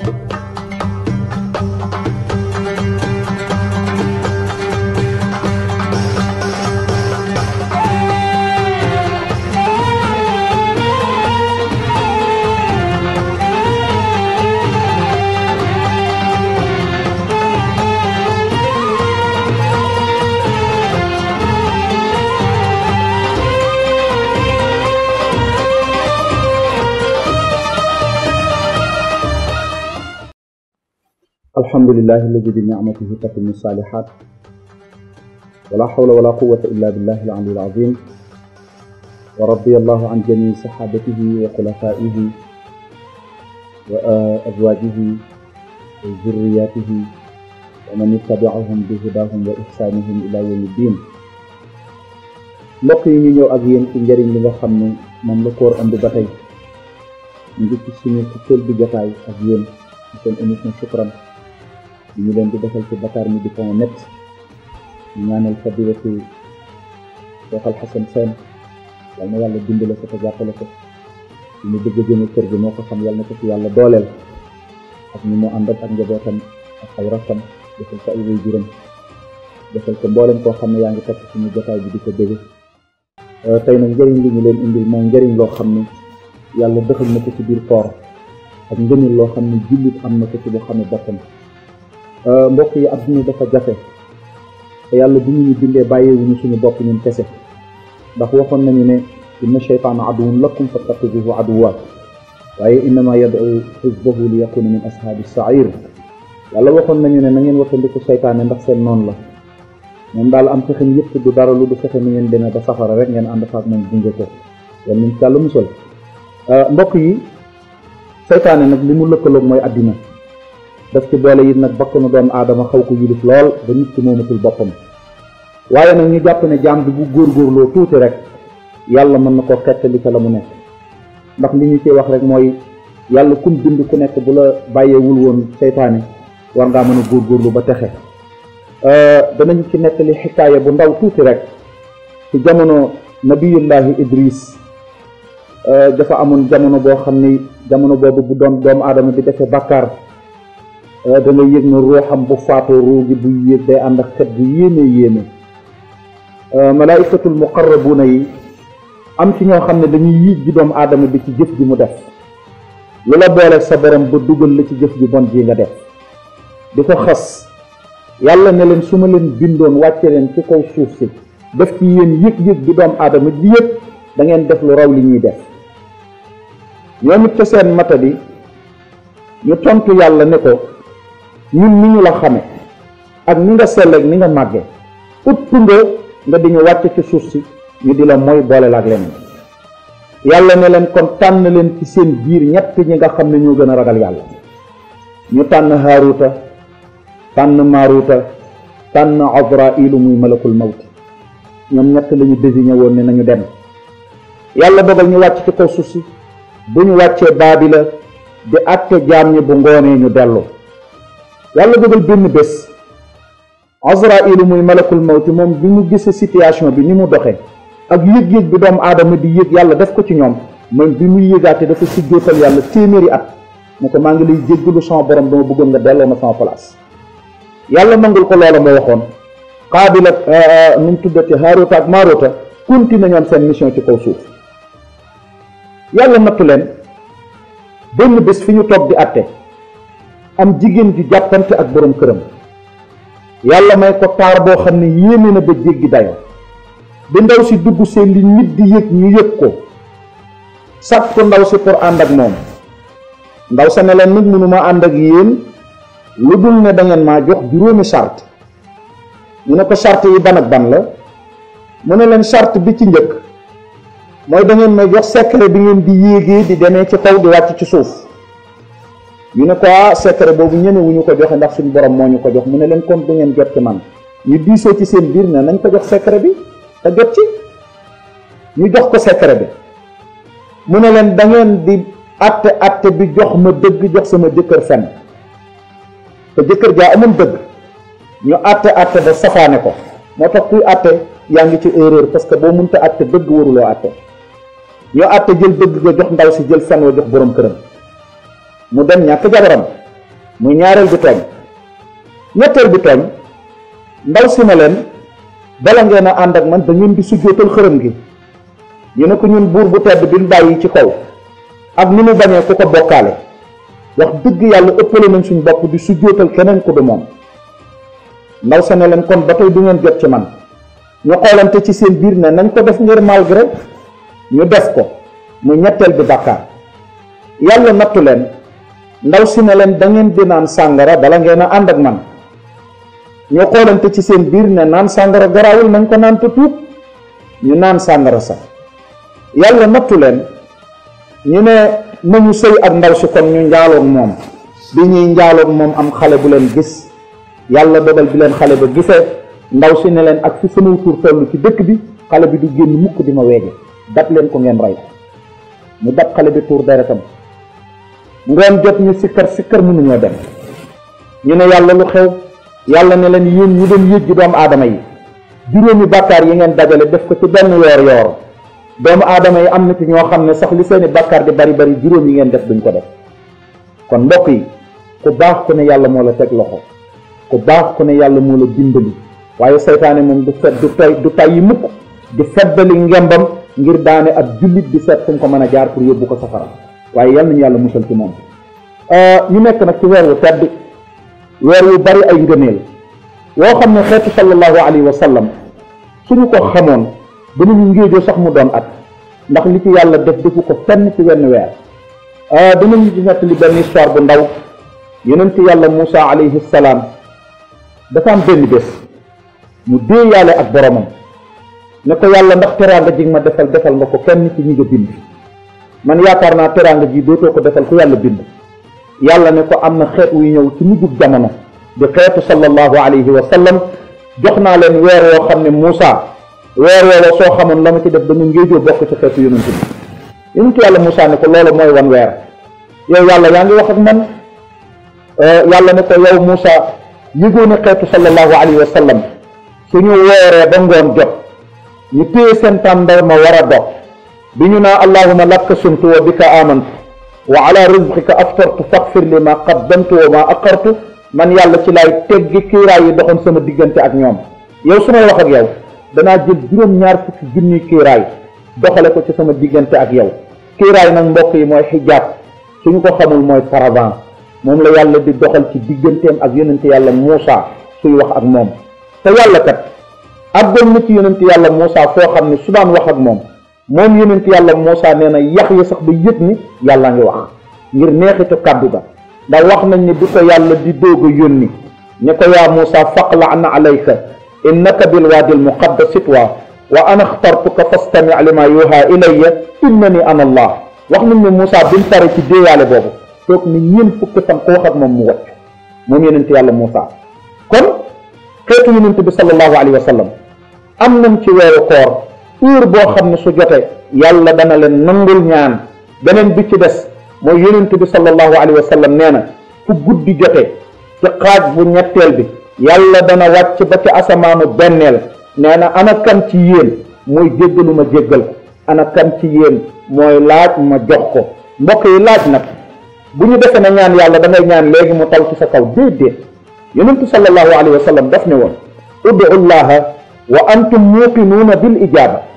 thank you alhamdulilahi alladi bi nicmatihi tatimu salihat wala hawla wala quwata illa billahi al aliyyil azim wa radiyallahu an jami sahabatihi wa xulafaihi wa uh, azwajihi wa zurriyatihi wa man ittabiahum bi hudahum wa ihsanihim ila yawmi ddin mbokk yi ñu ñëw ak yéen ci njëriñ li nga xam ne moom la koor andi ba tey ngi ci suñu ci tël bi jotaay ak yéen ci seen émission Shukran li ñu leen di ci Dakar Midi point net ñaanal fadilatu Cheikh Al Hassane Sène yal na yàlla dimbale ko te jàppale ko li ñu moo ko na ko ci yàlla dooleel ak ñu mu ànd ak njabootam ak ay rakkam defal yaa ngi takk suñu jotaay di ko dégg euh, tey nag njëriñ li njëriñ loo xam ne yàlla dëxal na ko ci biir koor ak ngëneel loo xam ne jullit am na ko ci boo xam ne boppam Euh, mbokk yi adduna dafa jafe te yàlla bu ñu bindee bàyyeewuñu suñu bopp ñun kese ndax waxoon nañu ne inna sheytaana aduwun lakum fattaxiduhu aduwwa waaye innama yad'u xisbahu li yakuna min ashaabi sair yàlla waxoon nañu ne na ngeen waxandiku seytaane ndax seen noon la moom daal am fexem yëpp du dara lu du fexe ni ngeen demee ba safara rek ngeen ànd faak moom gunge ko yàlla mu ci yàlla euh, mbokk yi seytaane nag li mu lëkk lëkkaloog mooy addina def ci boole yi nag bakkanu doomu aadama xaw ko yilif lool ba nit ci moomatul boppam waaye nag ñu jàpp ne jaam bi bu góorgóorloo tuuti rek yàlla mën na ko xettali ca la mu nekk ndax li ñu ci wax rek mooy yàlla kun bind ku nekk bu la bàyyeewul woon seytaane war ngaa mën a góorgóorlu ba texe euh, danañ ci nettali xikaaya bu ndaw tuuti rek ci jamono nabiyullahi idris euh, dafa amoon jamono boo xam ni jamono boobu bu doon doomu aadama bi defee bàkkaar da nga yëg ne ruuxam bu faatoo ruu gi buy yéeg day ànd ak xet bu yéeme yéeme euh, malaayikatul muqarrabuuna yi am ci ñoo xam ne dañuy yiij ji aadama bi ci jëf ji mu def lu la booleeg sa borom ba dugal la ci jëf ji bon ji nga def di ko xas yàlla ne leen su ma leen bindoon wàcce leen ci kaw suuf si def ci yéen yëg-yëg bi doomu aadama di yëpp dangeen ngeen def lu raw li ñuy def ñoom it ca seen mata bi ñu tontu yàlla ne ko ñun ni ñu la xame ak ni nga selleeg ni nga màgge ut tundoo nga di ñu wàcc ci suuf si ñu di la mooy boole la ak leneen yàlla ne leen kon tànn leen ci seen biir ñett ñi nga xam ne ñoo gën a ragal yàlla ñu tànn haaruta tànn maaruta tànn azrailu muy malakul mawt ñoom ñett lañu ñu désigné woon ne nañu dem yàlla dogal ñu wàcc ci kaw suuf si bu ñu wàccee baabila di àtte jaam ñi bu ngoonee ñu dellu yàlla dogal benn bés Azraayilu muy malakul mawti moom bi mu gisee situation bi ni mu doxee ak yëg-yëg bi doomu aadama di yëg yàlla def ko ci ñoom moom bi muy yëgaate dafa sujjootal yàlla téeméeri at mu ko maa ngi lay jéggalu sama borom dama bëggoon nga delloo ma sama place yàlla nangul ko loola ma waxoon Qaabil ak euh, euh, nu mu tuddati Haaruta ak Maaruta continué ñoom seen mission ci kaw suuf yàlla nattu leen benn bés fi ñu toog di atte am jigéen ju jàppante ak borom këram yàlla may ko taar boo xam ne yéeme na ba jéggi dayo bi ndaw si dugg seen li nit di yëg ñu yëg ko sàkk ko ndaw si pour ànd ak moom ndaw sa ne leen nag mënuma ànd ak yéen lu dul ne da ngeen maa jox juróomi sart ñu ne ko sart yi ban ak ban la mu ne leen sart bi ci njëkk mooy da ngeen may jox secret bi ngeen di yéegee di demee ci kaw di wàcc ci suuf ñu ne quoi ah, secret boobu ñemewuñu ko joxe ndax suñu borom moo ñu ko jox mu ne leen comme du ngeen jot ci man ñu diisoo ci seen biir ne nañ ko jox secret bi te jot ci ñu jox ko secret bi mu ne leen da ngeen di atte atte bi jox ma dëgg jox sama jëkkër fen te jëkkër jaa amoon dëgg ñu atte atte ba safaane ko moo tax kuy atte yaa ngi ci erreur parce que boo mënta atte dëgg waruloo atte ñu atte jël dëgg ga jox ndaw si jël fen wa jox borom këram mu dem ñàkk jabaram muy ñaareel bi tooñ ñetteel bi tooñ ndaw si na leen bala ngeen ànd ak man da ngeen di sujjóotal xërëm gi ñu ne ko ñun buur bu tedd bi ñu bàyyi ci kaw ak ni mu bañee ku ko bokkaale wax dëgg yàlla ëppale nañ suñ bopp di sujjóotal keneen ku du moom ndaw sa ne leen kon ba tey du ngeen jot ci man ñu xoolante ci seen biir ne nañ ko def ngir malgré ñu def ko mu ñetteel bi bàkkaar yàlla nattu leen ndaw si ne leen da di naan sàngara bala ngeen a ànd ak man ñu xoolante ci seen biir ne naan sàngara garaawul nañ ko naan te tuub ñu naan sàngara sax yàlla nattu leen ñu ne nañu sëy ak ndaw si kon ñu njaaloog moom bi ñuy njaaloog moom am xale bu leen gis yàlla dogal bi leen xale ba gisee ndaw si ne leen ak fi sama tur toll ci dëkk bi xale bi du génn mukk di ma weeje dab leen ko ngeen rey mu dab xale bi tuur deretam ngoon jot ñu sikkar sikkar ñoo dem ñu ne yàlla lu xew yàlla ne leen yéen ñi doon yëj ji doomu aadama yi juróomi bàkkaar yi ngeen dajale def ko ci benn yoor yoor doomu aadama yi am na ci ñoo xam ne sax li seeni bàkkaar di bari bari juróom yi ngeen def duñ ko def kon mbokk yi ku baax ko ne yàlla moo la teg loxo ku baax ko ne yàlla moo la dimbali waaye seytaane moom du fet du tay du tay yi mukk di feddali ngembam ngir daane ab jullit di seet fu ko mën a jaar pour yóbbu ko safara waaye yal nañu yàlla musal ci moom euh, ñu nekk nag ci weer wu tedd weer wu bari ay ngëneel woo xam ne xeetu sallallahu alayhi wa sallam suñu ko xamoon dinañu ngéejoo sax mu doon at ndax li ci yàlla def defu ko fenn ci wenn weer euh, dinañu di nett li benn histoire bu ndaw yonent yàlla Moussa alayhi salaam dafa am benn bés mu dee yàlla ak boromam ne ko yàlla ndax teraanga ji nga ma defal defal nga ko kenn ci ñi nga bind man yaakaar naa teraanga ji dootoo ko defal ku yàlla bind yàlla ne ko am na xeet wuy ñëw ci mujjug jamono di xeetu sallallahu alayhi wa sallam jox naa leen weer woo xam ne Moussa weer woo soo xamoon la ma ci def dañu ngéejoo bokk ci xeetu yonent bi yonent yàlla Moussa ne ko loolu mooy wan weer yow yàlla yaa ngi wax ak man euh, yàlla ne ko yow Moussa yëgoo ne xeetu sallallahu alayhi wa sallam suñu wooree ba ngoon jot ñu téye seen war a dox bi ñu naa allahuma lakka sumtu wa bika amantu wa ala rizqika aftartu faxfir li ma qaddamtu wa ma aqartu man yàlla ci laay teggi kiiraay yi doxoon sama diggante ak ñoom yow su may wax ak yow danaa jël juróom-ñaar fukki junni kiiraay doxale ko ci sama diggante ak yow kiiraay nag mbokk yi mooy xijaab suñu ko xamul mooy paravent moom la yàlla di doxal ci digganteem ak yonente yàlla Muusa suy wax ak moom te yàlla kat àggoon na ci yonente yàlla Muusa foo xam ne su daan ak moom moom yonent yàlla Moussa nee na yax ya sax da yëg ni yàlla ngi wax ngir neexitu kàddu ga ndax wax nañ ne bi ko yàlla di doog a yónni ñu ko yaa Moussa faqla na alayka innaka bilwaadi almuqaddas itwa wa ana xtartuka fastami lima yuha ilayya innani ana allah wax nañ ne Moussa bi mu pare ci déeyaale boobu toog ni ñeent fukki fan ko wax ak moom mu wàcc moom yonent yàlla Moussa kon xeetu yonent bi sallallahu alayhi wa sallam am nañ ci weeru koor heure boo xam ne su jotee yàlla dana leen nangul ñaan beneen bi ci des mooy yonent bi sallallahu alayhi wa nee na fu guddi jotee ci xaaj bu ñetteel bi yàlla dana wàcc ba ci asamaanu benneel nee na ana ci yéen mooy jéggalu ma jéggal ko ci yéen mooy laaj ma jox ko mbokk yi laaj nag bu ñu defee na ñaan yàlla da ngay ñaan léegi mu taw ci sa kaw déedéet yonentu sallallahu alayhi wa sallam daf ne woon ud'u llaha wa antum muuqinuuna bil ijaaba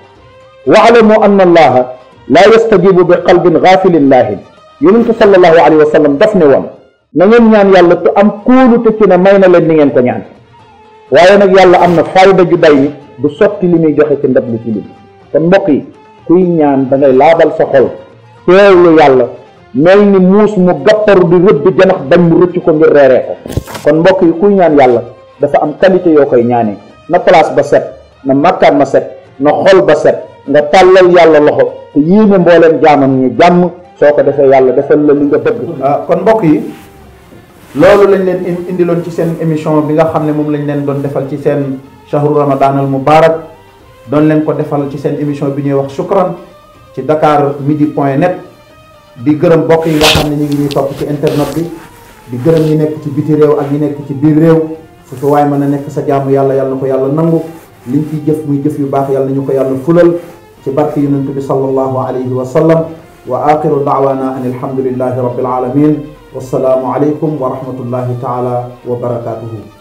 waalamu anna allaha laa yastajibu bi qalbin gaafilin laahin yonentu sallallahu alayhi wa sallam daf ne woon na ngeen ñaan yàlla te am kóolute ci ne may na leen ni ngeen ko ñaan waaye nag yàlla am na fayda ju day ni du sotti li muy joxe ci ndab lu ci lim kon mbokk yi kuy ñaan da ngay laabal sa xol teewlu yàlla mel ni muus mu gàpparu di rëbb janax bañ mu rëcc ko ngir reeree ko kon mbokk yi kuy ñaan yàlla dafa am qualité yoo koy ñaanee na place ba set na màkkaan ma set na xol ba set nga tàllal yàlla loxo te yéene mbooleem jaamam ñu jàmm soo ko defee yàlla defal la li nga bëgg ah, kon mbokk yi loolu lañ leen indiloon ci seen émission bi nga xam ne moom lañ leen doon defal ci seen shahru ramadan al mubarak doon leen ko defal ci seen émission bi ñuy wax shukran ci dakar midi point net di gërëm mbokk yi nga xam ne ñu ngi ñuy topp ci internet bi di gërëm ñi nekk ci biti réew ak ñi ci biir réew fu fi waaye mën a nekk sa jaamu yàlla yàlla na ko yàlla nangu liñ ciy jëf muy jëf yu baax yàlla na ñu ko yàlla fulal ci barke yonent bi sallallahu alayhi wa sallam wa axiru daawaana an alhamdulillahi rabbil alamin wassalaamu aleykum wa rahmatullahi taala wa barakatuhu